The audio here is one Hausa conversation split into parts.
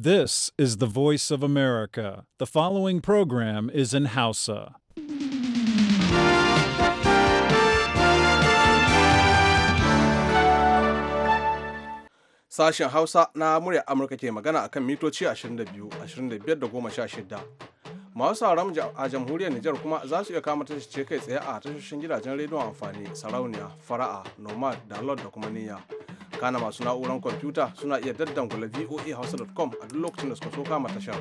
This is the voice of America. The following program is in Hausa. Sashen Hausa na murya Amurka ke magana akan mitoci 22, 25 da 16. masu sauran a jamhuriyar Nijar kuma za su iya kama ce kai tsaye a tashoshin gidajen rediyon amfani sarauniya fara'a nomad download da kuma niyya kana masu na'uran kwamfuta suna iya daddan daddangula voa hausa.com a duk lokacin da suka so kama tashar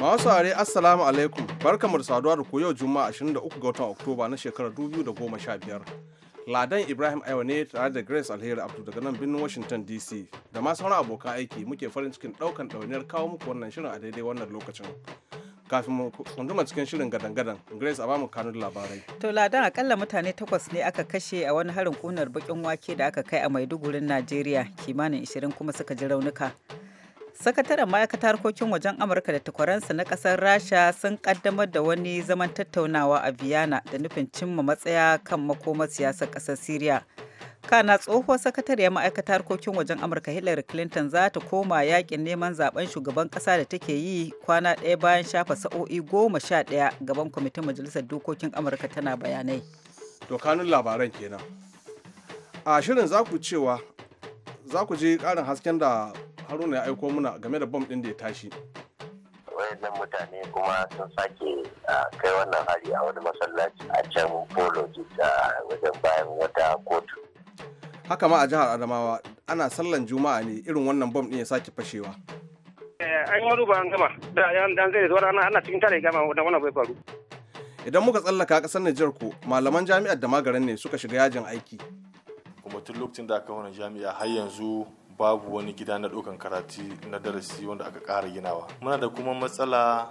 masu are assalamu alaikum barkamu da saduwa da ku yau juma'a 23 ga watan oktoba na shekarar 2015 Ladan Ibrahim Aiwa ne tare da Grace Alheri Abdu daga nan birnin Washington DC da ma sauran abokan aiki muke farin cikin ɗaukan ɗauniyar kawo muku wannan shirin a daidai wannan lokacin. kafin mu kunduma cikin shirin gadan-gadan grace a bamu kanun labarai to ladan akalla mutane takwas ne aka kashe a wani harin kunar bakin wake da aka kai a maidugurin nigeria kimanin 20 kuma suka ji raunuka sakataren ma'aikatar harkokin wajen amurka da takwaransa na kasar rasha sun kaddamar da wani zaman tattaunawa a vienna da nufin cimma matsaya kan makoma siyasar kasar syria kana tsohuwar sakatariyar ma'aikatar harkokin wajen amurka hillary clinton za ta koma yakin neman zaben shugaban kasa da take yi kwana ɗaya bayan shafa sa'o'i goma sha ɗaya gaban kwamitin majalisar dokokin amurka tana bayanai dokanin labaran kenan a shirin za ku cewa za ku je ƙarin hasken da haruna ya aiko muna game da bom ɗin da ya tashi wayannan mutane kuma sun sake kai wannan hari a wani masallaci a can polo a wajen bayan wata kotu haka ma a jihar adamawa ana sallan juma'a ne irin wannan bom ɗin ya sake fashewa eh, an yi ba an gama da yan zai zuwa ana ana cikin tare gama wannan wannan bai faru idan muka tsallaka kasar Nijar ko malaman jami'ar da magaran ne suka shiga yajin aiki kuma tun lokacin da aka wani jami'a har yanzu babu wani gida na ɗaukan karatu na darasi wanda aka ƙara ginawa muna da kuma matsala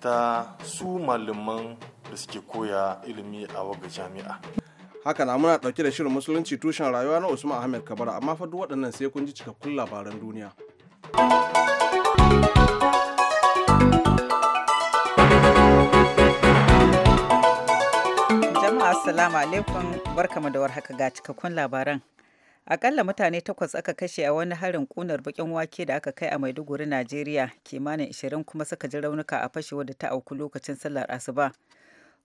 ta su malaman da suke koya ilimi a waga jami'a haka na muna ɗauke da shirin musulunci tushen rayuwa na usman ahmed kabara amma fa duk waɗannan sai kun ji cikakkun labaran duniya jama'a assalamu alaikum barkamu da warhaka ga cikakkun labaran Akalla mutane takwas aka kashe a wani harin kunar bakin wake da aka kai a Maiduguri, Najeriya, kimanin ashirin kuma suka ji raunuka a fashewa da ta auku lokacin sallar asuba.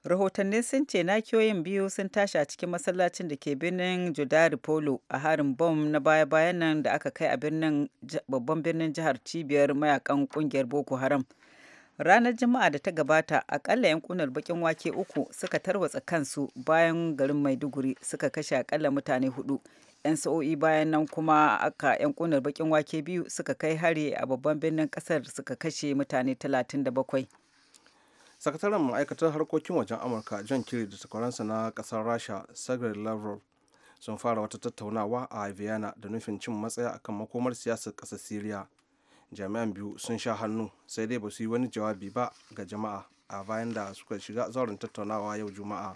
Rahotanni sun ce nakiyoyin biyu sun tashi a cikin masallacin da ke birnin Judari Polo a harin bom na baya-bayan nan da aka kai a birnin babban birnin jihar cibiyar mayakan kungiyar Boko Haram. Ranar Juma'a da ta gabata, akalla 'yan kunar bakin wake uku suka tarwatsa kansu bayan garin Maiduguri suka kashe akalla mutane hudu. 'yan sa'o'i bayan nan kuma aka 'yan kunar bakin wake biyu suka kai hari a babban birnin kasar suka kashe mutane 37 sakataren ma'aikatar harkokin wajen amurka john kiri da takwaransa na kasar rasha sergei lavrov sun fara wata tattaunawa a vienna da nufin cin matsaya akan makomar siyasar kasar syria jami'an biyu sun sha hannu sai dai ba su yi wani jawabi ba ga jama'a a bayan da suka shiga zauren tattaunawa yau juma'a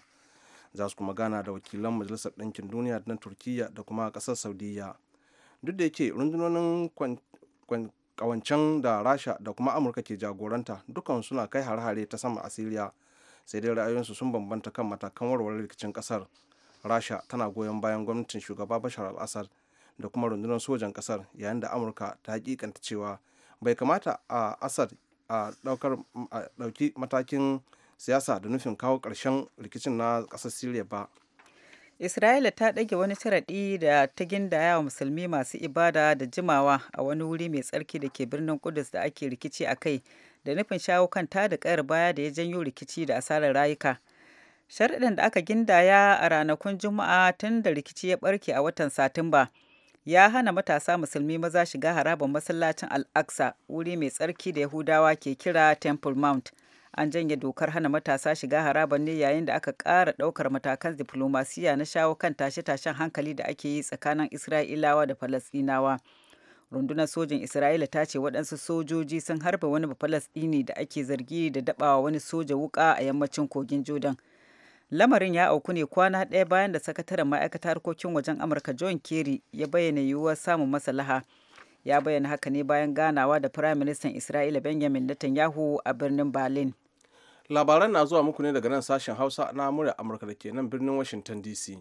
za su kuma gana da wakilan majalisar ɗinkin duniya na turkiyya da kuma ƙasar saudiya duk da yake rundunonin kawancen da rasha da kuma amurka ke jagoranta dukkan suna kai hare-hare ta sama a siriya sai dai ra'ayoyinsu sun bambanta kan matakan warware rikicin ƙasar rasha tana goyon bayan gwamnatin shugaba bashar al-assad da kuma rundunar sojan ƙasar yayin da amurka ta hakikanta cewa bai kamata a asar a ɗauki matakin siyasa da nufin kawo ƙarshen rikicin na ƙasar Siriya ba. Isra'ila ta ɗage wani sharaɗi da ta gindaya wa musulmi masu ibada da jimawa a wani wuri mai tsarki da ke birnin Kudus da ake rikici a kai da nufin shawo kan ta da ƙayar baya da ya janyo rikici da asarar rayuka. Sharaɗin da aka gindaya a ranakun Juma'a tun da rikici ya ɓarke a watan Satumba. ya hana matasa musulmi maza shiga harabar masallacin al-aqsa wuri mai tsarki da yahudawa ke kira temple mount an janye dokar hana matasa shiga harabar ne yayin da aka ƙara ɗaukar matakan diflomasiya na shawo kan tashe-tashen hankali da ake yi tsakanin isra'ilawa da falasɗinawa rundunar sojin isra'ila ta ce waɗansu sojoji sun harba wani falasɗini da ake zargi da dabawa wani soja wuƙa a yammacin kogin jordan lamarin ya auku ne kwana ɗaya bayan da sakataren ma'aikatar harkokin wajen amurka john kerry ya bayyana yiwuwar samun maslaha ya bayyana haka ne bayan ganawa da firayim ministan isra'ila benjamin netanyahu a birnin berlin labaran na zuwa muku ne daga nan sashen hausa na murya amurka da ke nan birnin washington dc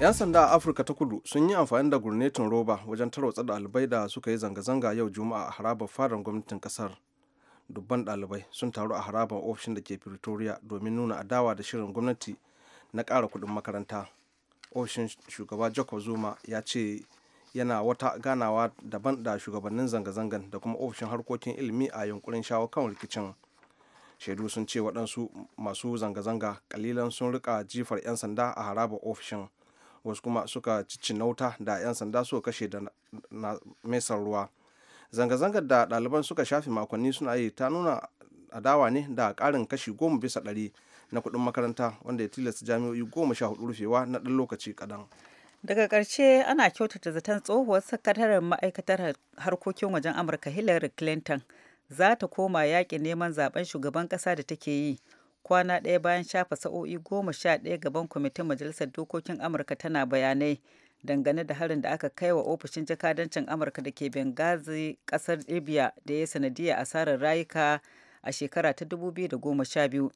yan sanda a afirka ta kudu sun yi amfani da gurnetin roba wajen tarwatsa ɗalibai da suka yi zanga-zanga yau juma'a a harabar fadar gwamnatin kasar dubban ɗalibai sun taru a harabar ofishin da ke pretoria domin nuna adawa da shirin gwamnati na ƙara kuɗin makaranta ofishin shugaba jacob zuma ya ce yana wata ganawa daban da shugabannin zanga-zangan da kuma ofishin harkokin ilimi a yunkurin shawo kan rikicin shaidu sun ce waɗansu masu zanga-zanga kalilan sun rika jifar 'yan sanda a haraba ofishin wasu kuma suka cicinauta da 'yan sanda suka kashe da mesar ruwa zanga-zangar da ɗaliban suka shafi makonni suna yi ta nuna adawa ne da ƙarin kashi goma bisa ɗari na kuɗin makaranta wanda ya tilasta jami'o'i goma sha hudu rufewa na ɗan lokaci kaɗan. daga ƙarshe ana kyautata zaton tsohuwar sakataren ma'aikatar harkokin wajen amurka hillary clinton za ta koma yaki neman zaben shugaban ƙasa da take yi kwana ɗaya bayan shafa sa'o'i goma sha ɗaya gaban kwamitin majalisar dokokin amurka tana bayanai dangane da harin da aka kai wa ofishin jakadancin amurka da ke bengazi ƙasar libya da ya sanadiyar asarar rayuka a shekara ta 2012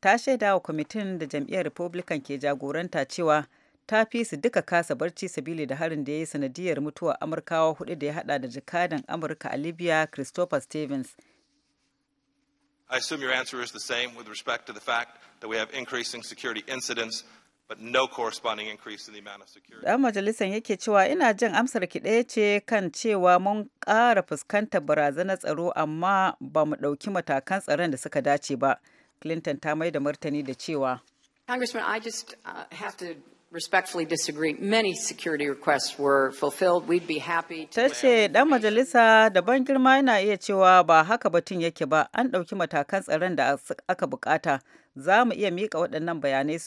ta shaida wa kwamitin da jam'iyyar republican ke jagoranta cewa ta fi su duka kasa barci sabili da harin da ya yi sanadiyar mutuwar amurkawa hudu da ya hada da jakadan amurka a libya christopher stevens I assume your answer is the same with respect to the fact that we have increasing security incidents but no corresponding increase in the amount of security. Dan majalisar yake cewa ina jin amsar ki ɗaya ce kan cewa mun ƙara fuskantar barazanar tsaro amma ba mu ɗauki matakan tsaron da suka dace ba. Clinton ta mai da martani da cewa. Congressman, I just uh, have to respectfully disagree. Many security requests were fulfilled. We'd be happy to. Ta dan majalisa da ban girma yana iya cewa ba haka batun yake ba. An ɗauki matakan tsaron da aka bukata. Za mu iya mika waɗannan bayanai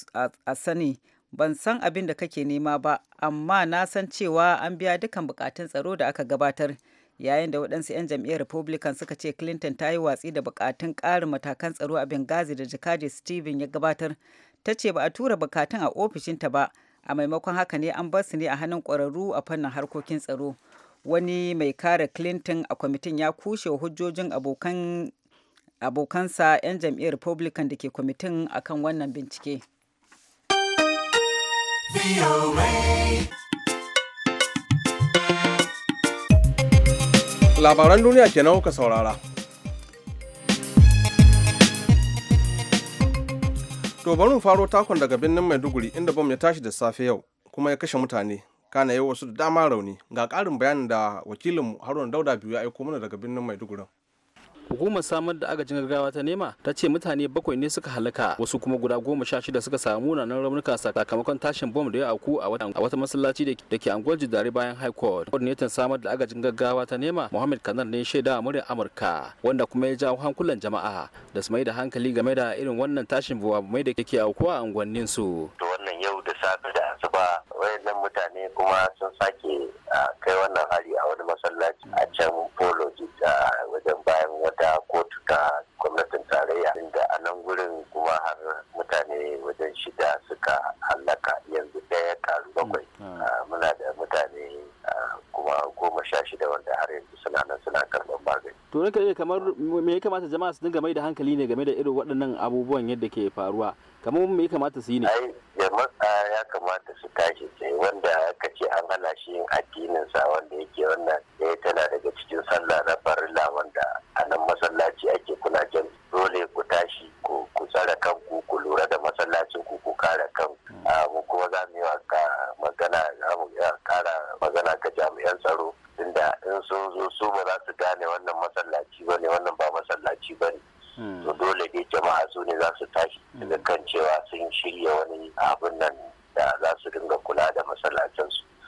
a sani. Ban san abin da kake nema ba, amma na san cewa an biya dukan bukatun tsaro da aka gabatar. Yayin da waɗansu 'yan jam'iyyar Republican suka ce Clinton ta yi watsi da bukatun ƙarin matakan tsaro a Benghazi da Jakadi Steven ya gabatar. ta ce ba a tura bukatun a ofishinta ba a maimakon haka ne an bar su ne a hannun ƙwararru a fannin harkokin tsaro wani mai kare clinton a kwamitin ya kushe hujjojin abokansa 'yan jam'iyyar republican da ke kwamitin akan wannan bincike labaran duniya kenan kuka saurara To bari mu faro takon daga birnin Maiduguri inda bom ya tashi da safe yau kuma ya kashe mutane kana yau wasu da dama rauni ga ƙarin bayanin da wakilin Haruna Dauda biyu ya aiko mana daga birnin Maiduguri. hukumar samar da agajin gaggawa ta nema ta ce mutane bakwai ne suka halaka wasu kuma guda goma sha shida suka samu munanan raunuka sakamakon tashin bom da ya auku a wata masallaci da ke anguwar jidare bayan high court coordinator samar da agajin gaggawa ta nema muhammad kanar ne shaida a muryar amurka wanda kuma ya jawo hankulan jama'a da su mai da hankali game da irin wannan tashin mai da ke auku a unguwannin su wannan yau da safe da asuba wayannan mutane kuma sun sake kai wannan hari a wani masallaci a can ce kamar me ya kamata jama'a su dinga mai da hankali ne game da irin waɗannan abubuwan yadda ke faruwa kamar me ya kamata su yi ne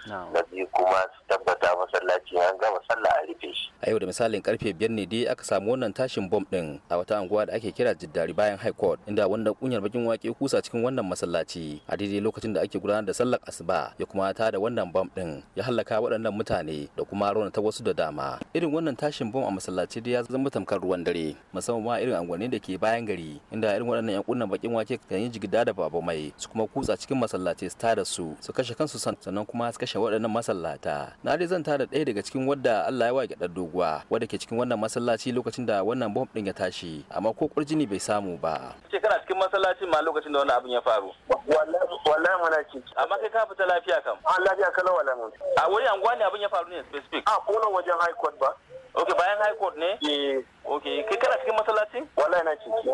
na biyu kuma su tabbata masallaci an gama sallah a rufe shi a yau da misalin karfe biyar ne dai aka samu wannan tashin bom din a wata anguwa da ake kira jiddari bayan high court inda wanda kunyar bakin wake kusa cikin wannan masallaci a daidai lokacin da ake gudanar da sallar asuba ya kuma ta da wannan bom din ya halaka waɗannan mutane da kuma ta wasu da dama irin wannan tashin bom a masallaci dai ya zama tamkar ruwan dare musamman ma irin anguwanni da ke bayan gari inda irin waɗannan yan kunnan bakin wake kan yi jigida da babu mai su kuma kusa cikin masallaci su ta su su kashe kansu sannan kuma su kashe kashe waɗannan masallata na dai zan tara ɗaya daga cikin wadda Allah ya wage doguwa wadda ke cikin wannan masallaci lokacin da wannan bomb ɗin ya tashi amma ko ƙurjini bai samu ba ce kana cikin masallacin ma lokacin da wannan abin ya faru wallahi muna ci amma kai ka fita lafiya kam an ah, lafiya kala wallahi a wani anguwa ne abin ya faru ne specific a ah, kona wajen high court ba ok bayan high court ne eh. ok kai kana cikin masallaci wallahi na ciki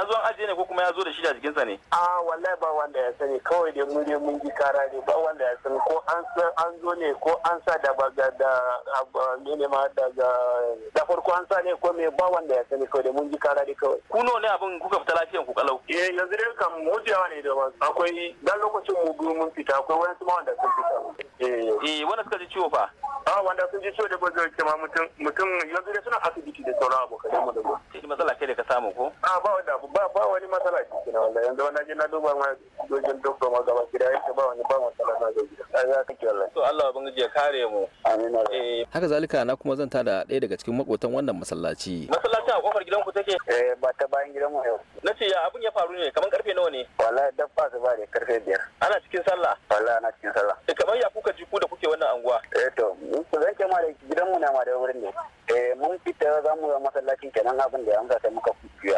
an zo an ajiye ne ko kuma ya zo da shi da jikinsa ne a ah, wallahi ba wanda ya sani kawai da mun mun ji kara ne ba wanda ya sani ko an an zo ne ko an sa da ba da ne ma daga da farko an sa ne ko me ba wanda ya sani kawai da mun ji kara ne kawai ku ne abin kuka fita lafiyan ku kalau eh yanzu dai kam mu ne da akwai dan lokacin mu mun fita akwai wani ma wanda sun fita eh, eh wani suka ji ciwo fa a ah, wanda sun ji ciwo da ba zai kama mutum mutum yanzu da suna asibiti da sauran abokan mu da mu matsala ce da ka samu ko a ah, ba wanda ba ba wani matsala ce na wallahi yanzu wannan na duba ma dojin dokta ma gaba gida yake ba wani ba matsala na da gida ai ah, ya kake wallahi to Allah ubangiji ya kare mu amin eh haka zalika na kuma zan tada ɗaya daga cikin makotan wannan masallaci masallacin a kofar gidanku take eh ba ta bayan gidan mu yau na ce ya abin ya faru ne kamar karfe nawa ne wallahi dabba su ba ne karfe biyar ana cikin sallah wallahi ana cikin sallah eh, kamar ya kuka kuka ji ku da kuke wannan anguwa eh to zan ce ma da gidanmu na ma da wurin ne eh mun fita za mu yi masallacin kenan abin da ya amsa sai muka fiya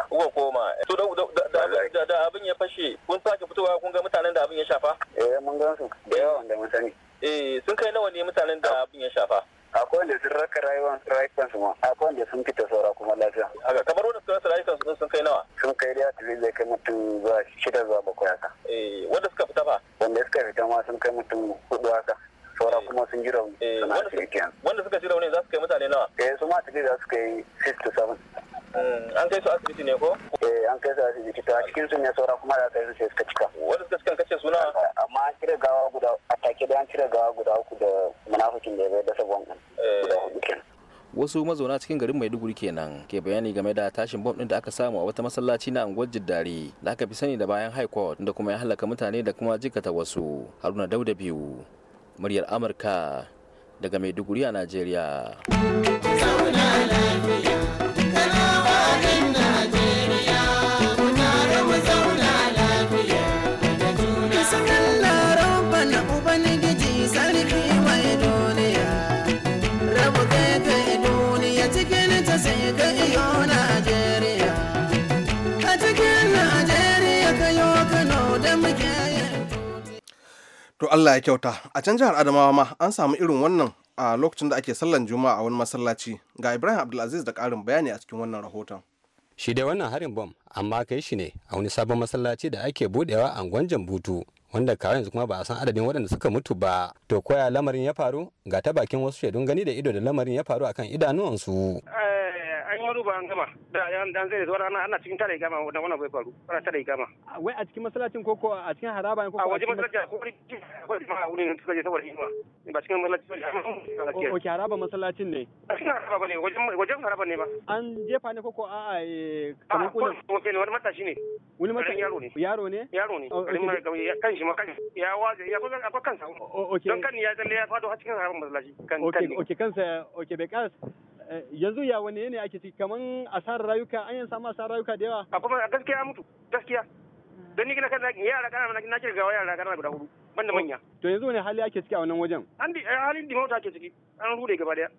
wasu mazauna cikin garin Maiduguri kenan ke bayani game da tashin bom din da aka samu a wata masallaci na unguwar Jiddare da aka fi sani da bayan High Court da kuma ya halaka mutane da kuma jikata wasu. Haruna Dauda biyu muryar Amurka daga Maiduguri a Najeriya. Allah ya kyauta a can jihar Adamawa ma an samu irin wannan a lokacin da ake sallan juma'a a wani masallaci ga Ibrahim Abdulaziz da ƙarin bayani a cikin wannan rahoton. Shi dai wannan harin bom amma kai shi ne a wani sabon masallaci da ake budewa a gwanjan butu wanda kawai yanzu kuma ba a san adadin waɗanda suka mutu ba to koya lamarin ya faru ga ta bakin wasu shaidun gani da ido da lamarin ya faru akan su. an yi ruba an gama da an dan zai zuwa rana ana cikin tare gama da wannan bai faru ana tare gama wai a cikin masallacin koko a cikin haraba ne koko a waje masallacin ko ko ma wurin suka je saboda himma ba cikin masallacin oke haraba masallacin ne a cikin haraba ne wajen haraba ne ba an jefa ne koko a a e, kamar ko ne wani matashi ne wani matashi yaro ne yaro ne yaro ne kan shi ma kan ya waje ya kusa akwai kansa don kan ya zalle ya fado a cikin harabar masallaci kan kan oke kansa oke bai kasa Eh, yanzu ya wani ne ake ciki kaman asarar rayuka an yi samu asarar rayuka da yawa a kuma gaskiya mutu gaskiya hmm. don ni kana yara kana na kira gawa yara kana guda hudu banda oh, manya to yanzu wani hali ake ciki a wannan wajen an di eh, halin di mota ake ciki an rude gaba daya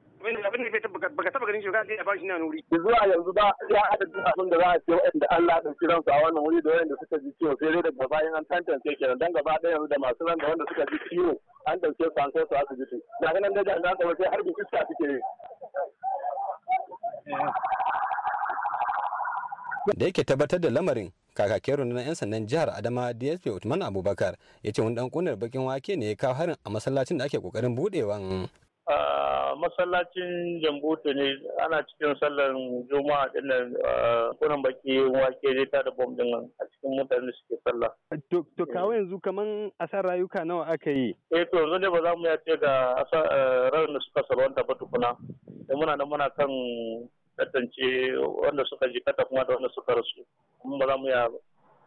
abin da baka taba ganin shi ba a bashi na nuri zuwa yanzu ba ya duk abin da za a ce waɗanda Allah ya ɗauki ransu a wannan wuri da wanda suka ji ciwo sai dai daga bayan an tantance kenan dan gaba ɗaya yanzu da masu ran da wanda suka ji ciwo an dauke su an kai su asibiti da ganin da jami'an tsaro sai harbin iska suke yi da yake tabbatar da lamarin kakakin rundunar 'yan sandan jihar adama dsp usman abubakar ya ce wani dan kunar bakin wake ne ya kawo harin a masallacin da ake kokarin budewa masallacin jambuto ne ana cikin sallar juma'a din nan kunan baki wake ne, ta da bom din a cikin mutane da suke sallah to kawo eh. yanzu a asar rayuka nawa aka yi eh to yanzu ne ba za mu ya ce ga eh, ranar da suka salwanta ba tukuna da muna da muna kan tantance wanda suka ji, kata kuma da wanda suka rasu kuma ba za mu ya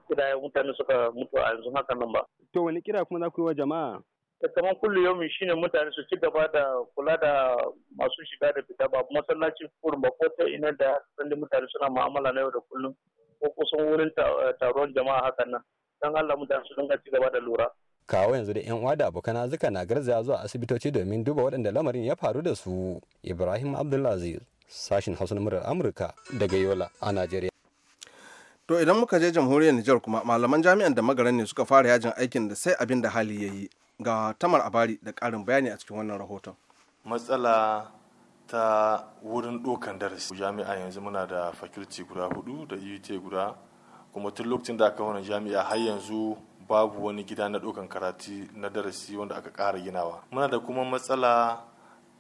kidayen mutane suka mutu a yanzu hakan nan ba to wani kira kuma za ku yi wa jama'a da kamar kullu yaumi shine mutane su ci gaba da kula da masu shiga da fita ba masallacin kurum ba ko ta ina da sanin mutane suna mu'amala na yau da kullum ko kusan wurin eh, taron jama'a hakan nan dan Allah mutane su dinga ci gaba da lura kawo yanzu da yan uwa da abokan zuka na garzaya zuwa asibitoci domin duba waɗanda lamarin ya faru da su Ibrahim Abdulaziz sashin Hausa na murar Amurka daga Yola a Najeriya To idan muka je jamhuriyar Nijar kuma malaman jami'an da magaran ne suka fara yajin aikin da sai abin da hali ya yi ga tamar abari da karin bayani a cikin wannan rahoton matsala ta wurin ɗaukan darasi jami'a yanzu muna da faculty guda hudu da ut guda kuma tun lokacin da aka wani jami'a har yanzu babu wani gida na ɗaukan karatu na darasi wanda aka ƙara ginawa muna da kuma matsala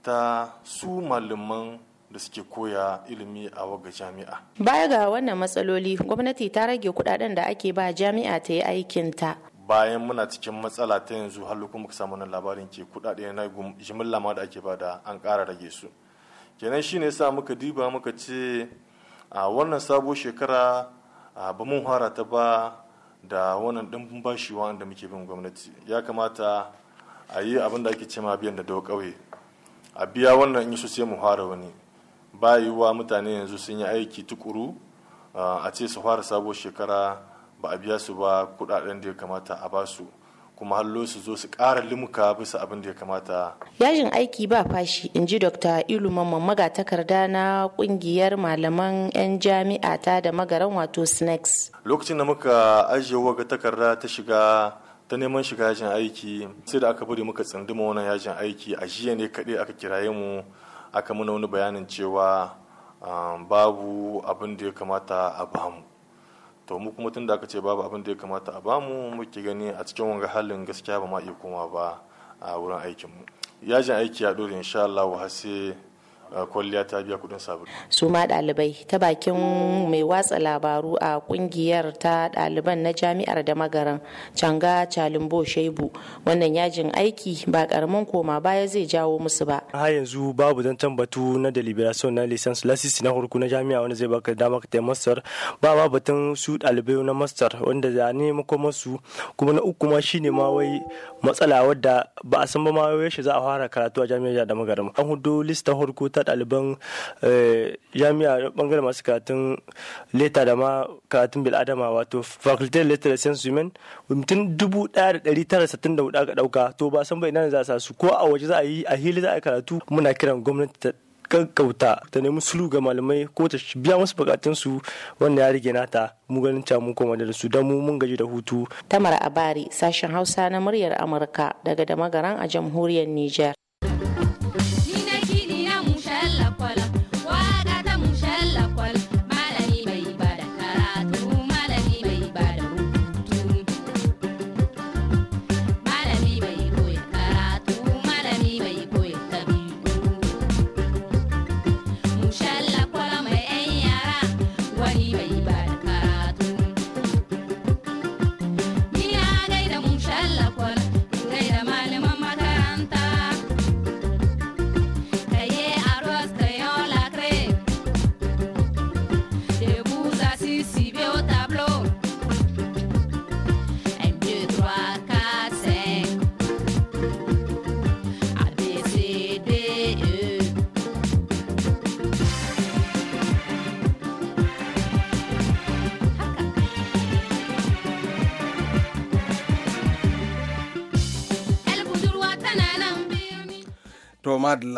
ta su malaman da suke koya ilimi a waga jami'a. Baya ga wannan matsaloli, gwamnati ta rage kudaden da ake ba jami'a ta yi aikinta bayan muna cikin matsala ta yanzu har lokacin muka samu wannan labarin ke kuɗaɗe na jimilla ma da ake bada an kara rage su kenan shi ne sa muka diba muka ce a wannan sabo shekara ba mun fara ta ba da wannan ɗimbin bashi wanda muke bin gwamnati ya kamata a yi abin da ake cema biyan da dawo kauye a biya wannan in so sai mu fara wani ba yiwuwa mutane yanzu sun yi aiki tukuru a ce su fara sabo shekara ba a biya su ba kudaden da ya kamata a basu kuma hallo su zo su kara limuka bisa abin da ya kamata. Yajin aiki ba fashi in ji Dr. Ilu Mamman magatakarda na ƙungiyar malaman 'yan jami'a ta da magaran wato snacks. Lokacin da muka ajiye waga takarda ta shiga ta neman shiga yajin aiki sai da aka bari muka tsunduma wannan yajin aiki a jiya ne kaɗai aka kiraye mu aka muna wani bayanin cewa um, babu abin da ya kamata a bamu. to mu kuma tun da aka ce babu abin da ya kamata a bamu muke gani a cikin wanga halin gaskiya ba ma iya koma ba a wurin aikinmu yajin aiki ya dole insha Allah wa sai Eh, kwalliya ta biya kudin sabulu. su ma ɗalibai ta bakin mai watsa labaru a kungiyar ta ɗaliban na jami'ar da magaran canga calimbo shaibu wannan yajin aiki ba karamin koma baya zai jawo musu ba har yanzu babu zancen tambatu na deliberation na license lasisi na hurku na jami'a wanda zai baka dama ka master ba ma batun su ɗalibai na master wanda za ne su kuma na uku ma shine ma wai matsala wadda ba a san ba ma yaushe za a fara karatu a jami'ar da magaran an hudu lista hurku ta ɗaliban eh, jami'a bangare masu karatun leta da ma karatun bil'adama wato faculty leta da science women mutum dubu ɗaya da ɗari tara sittin da aka ɗauka to ba san bai nan za a sa su ko a waje za a yi a hili za a karatu muna kiran gwamnati ta gaggauta ta nemi sulu ga malamai ko ta biya musu bukatunsu wanda ya rige nata mu ganin ta mun koma da su dan mu mun gaji da hutu. Tamar Abari sashen Hausa na muryar Amurka daga da a jamhuriyar Nijar.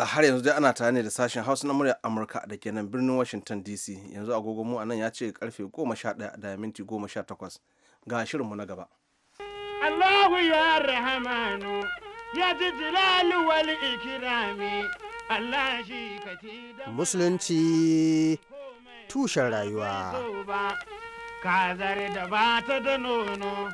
alhamdulillah har yanzu dai ana tare ne da sashen hausa na murya amurka da ke nan birnin washington dc yanzu agogo mu anan ya ce karfe 11 da minti 18 ga shirinmu na gaba allahu ya rahamanu ya ji jilalu wal ikirami allah shi ka da musulunci tushen rayuwa kazar da bata da nono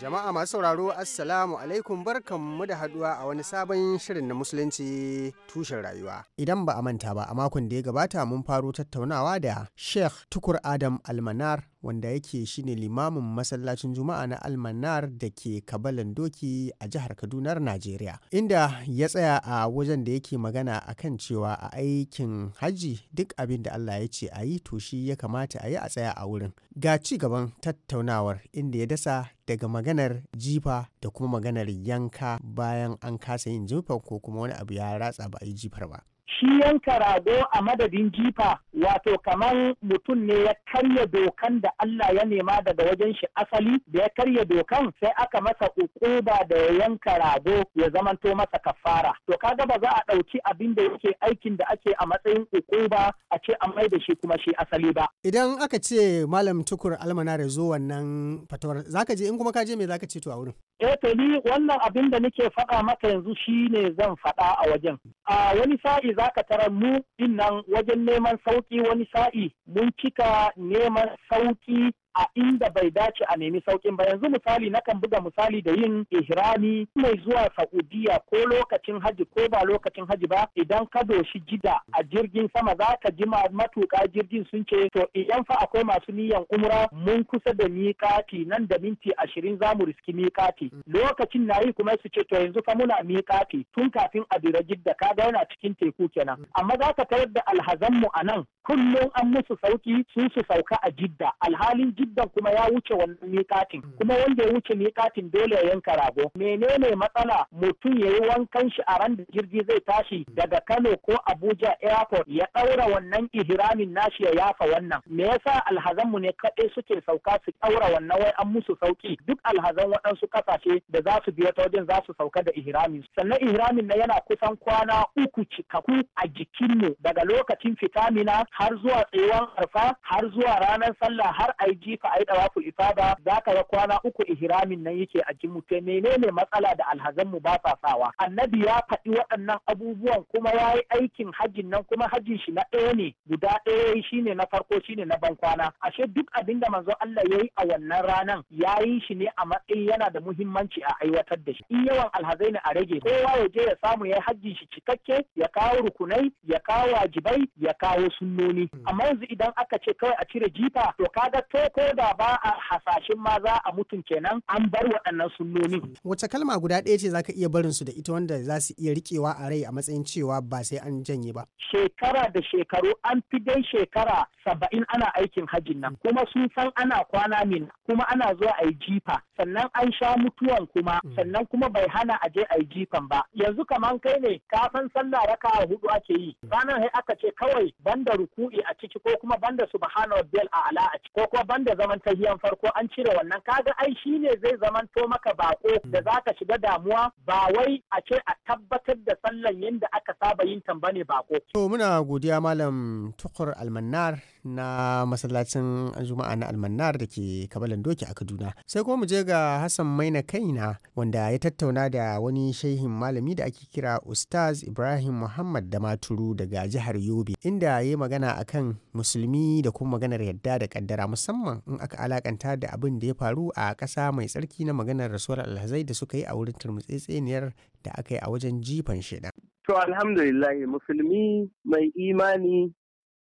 Jama'a masu sauraro Assalamu alaikum barkanmu da haduwa a wani sabon shirin na musulunci tushen rayuwa. Idan ba a manta ba a makon da ya gabata mun faro tattaunawa da Sheikh Tukur Adam Almanar wanda yake shine limamin masallacin juma'a na almanar da ke kabalan doki a jihar kadunar najeriya inda ya tsaya a wajen da yake magana a kan cewa a aikin hajji duk abin da allah ya ce a yi to shi ya kamata a yi a tsaya a wurin ga ci gaban tattaunawar inda ya dasa daga maganar jifa da kuma maganar yanka bayan an kasa yin jifa ko kuma wani abu ya ratsa ba a yi jifar ba shi yanka rago a madadin jifa wato kamar mutum ne ya karya dokan da Allah ya nema daga wajen shi asali da ya karya dokan sai aka masa ukuba da ya yanka rago ya zamanto masa kafara to kaga ba za a ɗauki abin da yake aikin da ake a matsayin ukuba a ce a mai da shi kuma shi asali ba idan aka ce malam tukur almana da zo wannan fatawar zaka je in kuma ka je me zaka ce to a wurin eh to ni wannan abin da nake faɗa maka yanzu shine zan faɗa a wajen a wani sa'i za ka tara mu dinnan wajen neman sauki wani sa'i mun cika neman sauki a inda bai dace a nemi saukin ba yanzu misali na kan buga misali da yin ihrami mai zuwa saudiya ko lokacin haji ko ba lokacin haji ba idan ka doshi jida a jirgin sama za ka ji matuƙa jirgin sun ce to idan fa akwai masu niyan umra mun kusa da miƙati nan da minti ashirin za mu riski miƙati lokacin na yi kuma su ce to yanzu fa muna miƙati tun kafin a dira jidda ka ga yana cikin teku kenan amma za ka tarar da alhazanmu a nan kullum an musu sauki sun su sauka a jidda alhalin jidda Idan kuma ya wuce wannan miƙatin hmm. kuma wanda ya wuce miƙatin dole ya yanka rago menene matsala mutum ya yi wankan shi a ran da jirgi zai tashi hmm. daga Kano ko Abuja airport ya ɗaura wannan ihramin nashi ya yafa wannan me yasa alhazan mu ne kaɗai suke sauka su ɗaura wannan wai an musu sauki duk alhazan waɗansu ƙasashe da za su biya ta wajen za su sauka da ihramin sannan ihramin na yana kusan kwana uku cikaku a jikinmu daga lokacin fitamina har zuwa tsayuwar arfa har zuwa ranar sallah har aiji ka a yi ifada za ka ga kwana uku ihramin nan yake a jimuce menene matsala da alhazan mu ba sa sawa annabi ya faɗi waɗannan abubuwan kuma ya yi aikin hajjin nan kuma hajjin shi na ɗaya ne guda ɗaya shine na farko shine na ban kwana ashe duk abin da manzo Allah ya yi a wannan ranan ya yi shi ne a matsayin yana da muhimmanci a aiwatar da shi in yawan alhazai ne a rage kowa ya je ya samu ya hajjin shi cikakke ya kawo rukunai ya kawo wajibai ya kawo sunnoni hmm. amma yanzu idan aka ce kawai a cire jifa to kaga to ko ko da ba a hasashen ma za a mutum kenan an bar waɗannan sunnoni. Wace kalma guda ɗaya ce zaka iya barin su da ita wanda za su iya riƙewa a rai a matsayin cewa ba sai an janye ba. Shekara da shekaru an fi dai shekara saba'in ana aikin hajjin nan kuma sun san ana kwana min kuma ana zuwa a jifa sannan an sha mutuwan kuma mm. sannan kuma bai hana a je a jifan ba yanzu kamar kai ne kafin sallah raka hudu ake yi mm. ranar sai aka ce kawai banda ruku'i a ciki ko kuma banda subhanahu wa ta'ala a ciki ko kuma da zaman tahiyan farko an cire wannan kaga ai shi ne zai zaman to maka bako da zaka shiga damuwa ba wai a ce a tabbatar da sallan yadda aka saba yin tambane bako. To muna godiya malam tukur almannar na masallacin juma'a na almannar da ke kabalan doki a kaduna sai kuma mu je ga hassan maina kaina wanda ya tattauna da wani shehin malami da ake kira ustaz ibrahim muhammad da maturu daga jihar yobe inda ya yi magana akan musulmi da kuma maganar yadda da kaddara musamman in aka alakanta da abin da ya faru a ƙasa mai tsarki na maganar rasuwar alhazai da suka yi a wurin turmutsitsiniyar da aka yi a wajen jifan shida. To alhamdulillah musulmi mai imani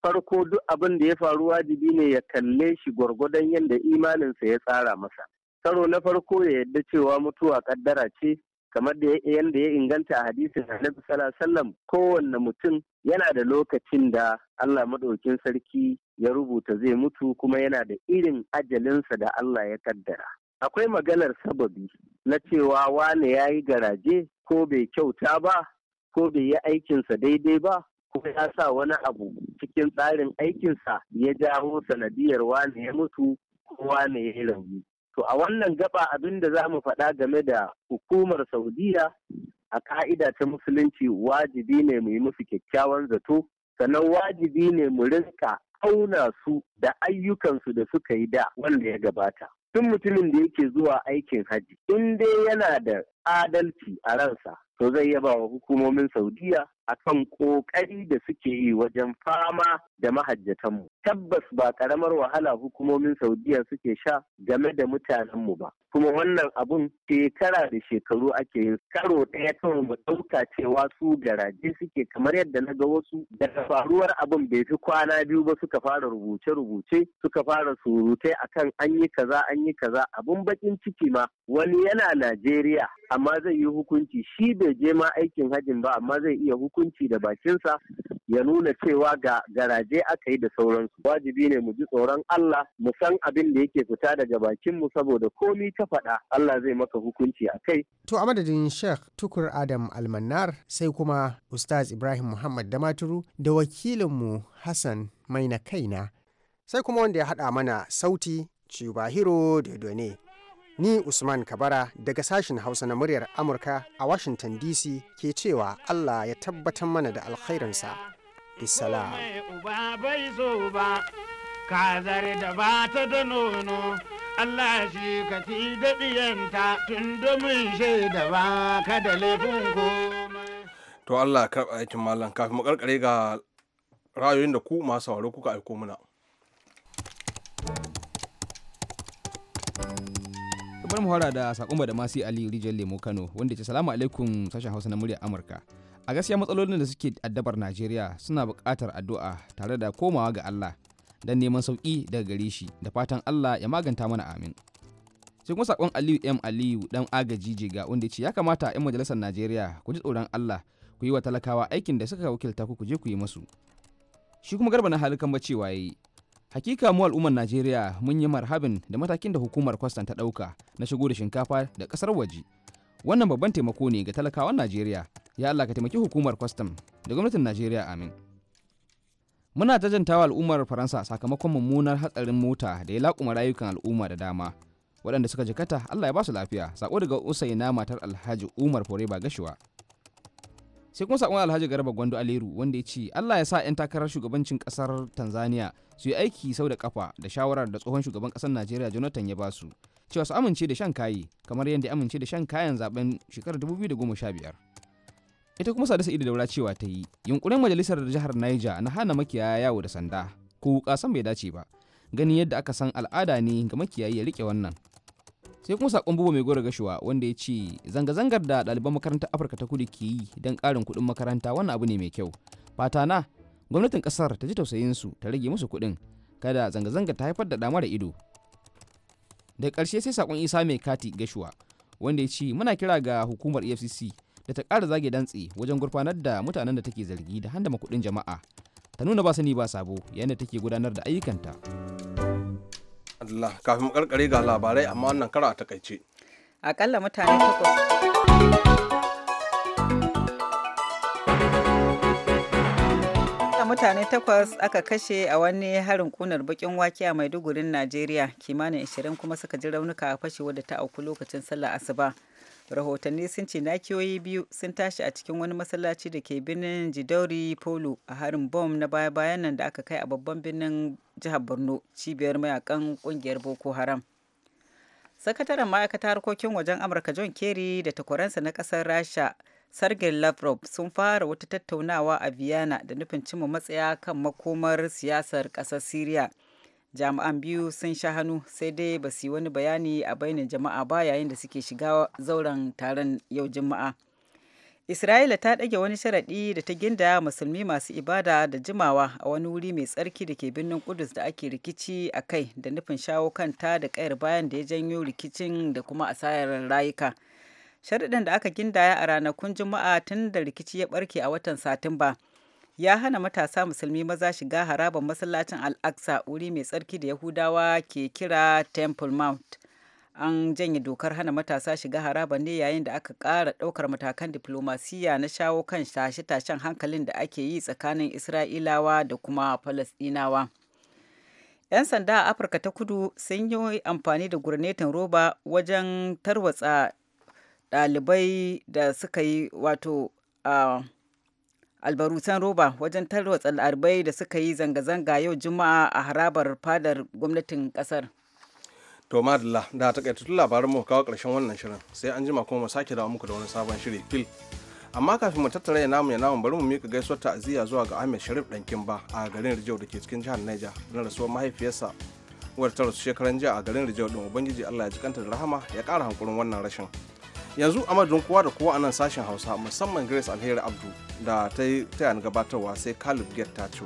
farko duk abin da ya faru wajibi ne ya kalle shi gwargwadon yadda imaninsa ya tsara masa. Karo na farko ya yadda cewa mutuwa kaddara ce kamar da yadda ya inganta a hadisin Annabi sallallahu kowanne mutum yana da lokacin da Allah madaukin sarki ya rubuta zai mutu kuma yana da irin ajalinsa da Allah ya kaddara. Akwai maganar sababi na cewa wane ya yi garaje ko bai kyauta ba ko bai yi aikinsa daidai ba kuma ya sa wani abu cikin tsarin aikinsa ya jawo sanadiyar wane ya mutu kowa ne ya yi rauni. To a wannan gaba abin da za mu faɗa game da hukumar Saudiya a ka'ida ta musulunci wajibi ne mu yi musu kyakkyawan zato, sannan wajibi ne mu rinka auna su da ayyukansu da suka yi da wanda ya gabata. Tun mutumin da yake zuwa aikin hajji, in dai yana da adalci a ransa, to zai yaba wa hukumomin saudiya akan kokari da suke yi wajen fama da mahajjatanmu tabbas ba karamar wahala hukumomin saudiya suke sha game da mutanenmu ba kuma wannan abun shekara da shekaru ake yin karo ɗaya kawai mu ɗauka cewa su garaje suke kamar yadda na ga wasu Da faruwar abun bai fi kwana biyu ba suka fara rubuce-rubuce suka fara surutai akan an yi kaza an yi kaza abun bakin ciki ma wani yana najeriya amma zai yi hukunci shi bai je ma aikin hajin ba amma zai iya hukunci da bakinsa ya nuna cewa ga garaje aka yi da sauransu wajibi ne mu ji tsoron Allah mu san abin da yake fita daga bakin mu saboda komi ta faɗa Allah zai maka hukunci a kai to a madadin Sheikh Tukur Adam Almanar sai kuma Ustaz Ibrahim Muhammad Damaturu da wakilin mu Hassan Maina Kaina sai kuma wanda ya haɗa mana sauti Chibahiro Dodone. Ni Usman Kabara daga sashen Hausa na muryar Amurka a Washington DC ke cewa Allah ya tabbatar mana da alkhairinsa. bisalam uba bai so ba kazar da ba ta da nono Allah shi ka ci da ɗiyanta tun da mun shaida ba ka da laifin To Allah ka aikin malam kafin mu ga ra'ayoyin da ku masu sauraro kuka aiko mana. bar mu fara da sakon da masi ali rijal lemo kano wanda ce salamu alaikum sashen hausa na muryar amurka a gaskiya matsalolin da suke addabar najeriya suna buƙatar addu'a tare da komawa ga allah don neman sauƙi daga gare shi da fatan allah ya maganta mana amin sai kuma sakon aliyu m aliyu dan agaji jiga wanda ce ya kamata 'yan majalisar najeriya ku ji tsoron allah ku yi wa talakawa aikin da suka wakilta ku ku je ku yi masu shi kuma garba na halukan bacewa ya yi hakika mu al'ummar najeriya mun yi marhabin da matakin da hukumar kwastan ta ɗauka na shigo da shinkafa da kasar waje wannan babban taimako ne ga talakawan najeriya ya allah ka taimaki hukumar kwastam da gwamnatin najeriya amin muna jajantawa al'ummar faransa sakamakon mummunar hatsarin mota da ya laƙuma rayukan al'umma da dama waɗanda suka jikata allah ya ba su lafiya sako daga usaina matar alhaji umar ba gashuwa sai kuma sakon alhaji garba gwando aleru wanda ya ce allah ya sa 'yan takarar shugabancin kasar tanzania su yi aiki sau da kafa da shawarar da tsohon shugaban kasar najeriya jonathan ya ba su cewa su amince da shan kayi kamar yadda amince da shan kayan zaben shekarar 2015 ita kuma sadisa ido daura cewa ta yi yunkurin majalisar jihar niger na hana makiyaya yawo da sanda ko wuka san bai dace ba ganin yadda aka san al'ada ne ga makiyayi ya rike wannan sai kuma sakon buba mai gora gashuwa wanda ya ce zanga-zangar da ɗaliban makarantar afirka ta kudu ke yi don ƙarin kuɗin makaranta wannan abu ne mai kyau fata na gwamnatin ƙasar ta ji su ta rage musu kuɗin kada zanga zangar ta haifar da damar ido da ƙarshe sai sakon isa mai kati gashuwa wanda ya ce muna kira ga hukumar efcc da ta ƙara zage dantse wajen gurfanar da mutanen da take zargi da handama kuɗin jama'a ta nuna ba sani ba sabo yayin da take gudanar da ayyukanta. Allah kafin karkare ga labarai amma wannan kara a takaice. Akalla mutane takwas. mutane takwas aka kashe a wani harin kunar bakin wake a maidugurin najeriya kimanin 20 kuma suka ji raunuka a fashewa da ta auku lokacin sallar asuba. rahotanni sun ce nakiyoyi biyu sun tashi a cikin wani masallaci da ke birnin jidauri polo a harin bom na baya-bayan nan da aka kai a babban birnin jihar borno cibiyar mayakan kungiyar boko haram sakataren ma'aikatar harkokin wajen amurka john kerry da takwaransa na kasar rasha sergei lavrov sun fara wata tattaunawa a vienna da nufin cimma matsaya kan makomar siyasar kasar syria jami'an biyu sun sha hannu sai dai ba su yi wani bayani a bainin jama'a ba yayin da suke shiga zauren taron yau juma'a isra'ila ta ɗage wani sharaɗi da ta ginda musulmi masu ibada da jimawa a wani wuri mai tsarki da ke birnin kudus da ake rikici a kai da nufin shawo kanta da ƙayar bayan da ya janyo rikicin da kuma asayar rayuka sharaɗin da aka gindaya a ranakun juma'a tun da rikici ya ɓarke a watan satumba ya hana matasa musulmi maza shiga harabar masallacin al-aqsa wuri mai tsarki da yahudawa ke kira temple mount an janye dokar hana matasa shiga harabar ne yayin da aka ƙara ɗaukar matakan diflomasiyya na shawo kan tashe-tashen hankalin da ake yi tsakanin isra'ilawa da kuma falasɗinawa 'yan sanda a afirka ta kudu sun yi amfani da gurnetin roba wajen tarwatsa ɗalibai da suka yi wato ah, albarutan roba wajen tarwatsa al'arbai da suka yi zanga-zanga yau juma'a a harabar fadar gwamnatin kasar to madalla da takaitattun labarin mu kawo karshen wannan shirin sai an jima kuma mu sake dawo muku da wani sabon shiri fil amma kafin mu tattara ya namu ya namu bari mu mika gaisuwar ta'aziyya zuwa ga Ahmed Sharif Dankin ba a garin Rijau da ke cikin jihar Niger na rasuwar mahaifiyarsa wadda ta rasu shekaran jiya a garin Rijau din Ubangiji Allah ya ji kanta da rahama ya kara hankurin wannan rashin yanzu a madadin kowa da kowa a nan sashen hausa musamman grace alheri abdu da ta yi tayan gabatarwa sai kalib get tacho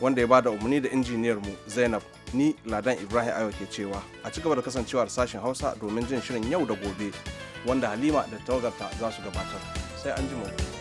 wanda ya bada umarni da injiniyar mu zainab ni ladan ibrahim ayo ke cewa a ci gaba da kasancewar sashen hausa domin jin shirin yau da gobe wanda halima da tawagarta za su gabatar sai an ji mu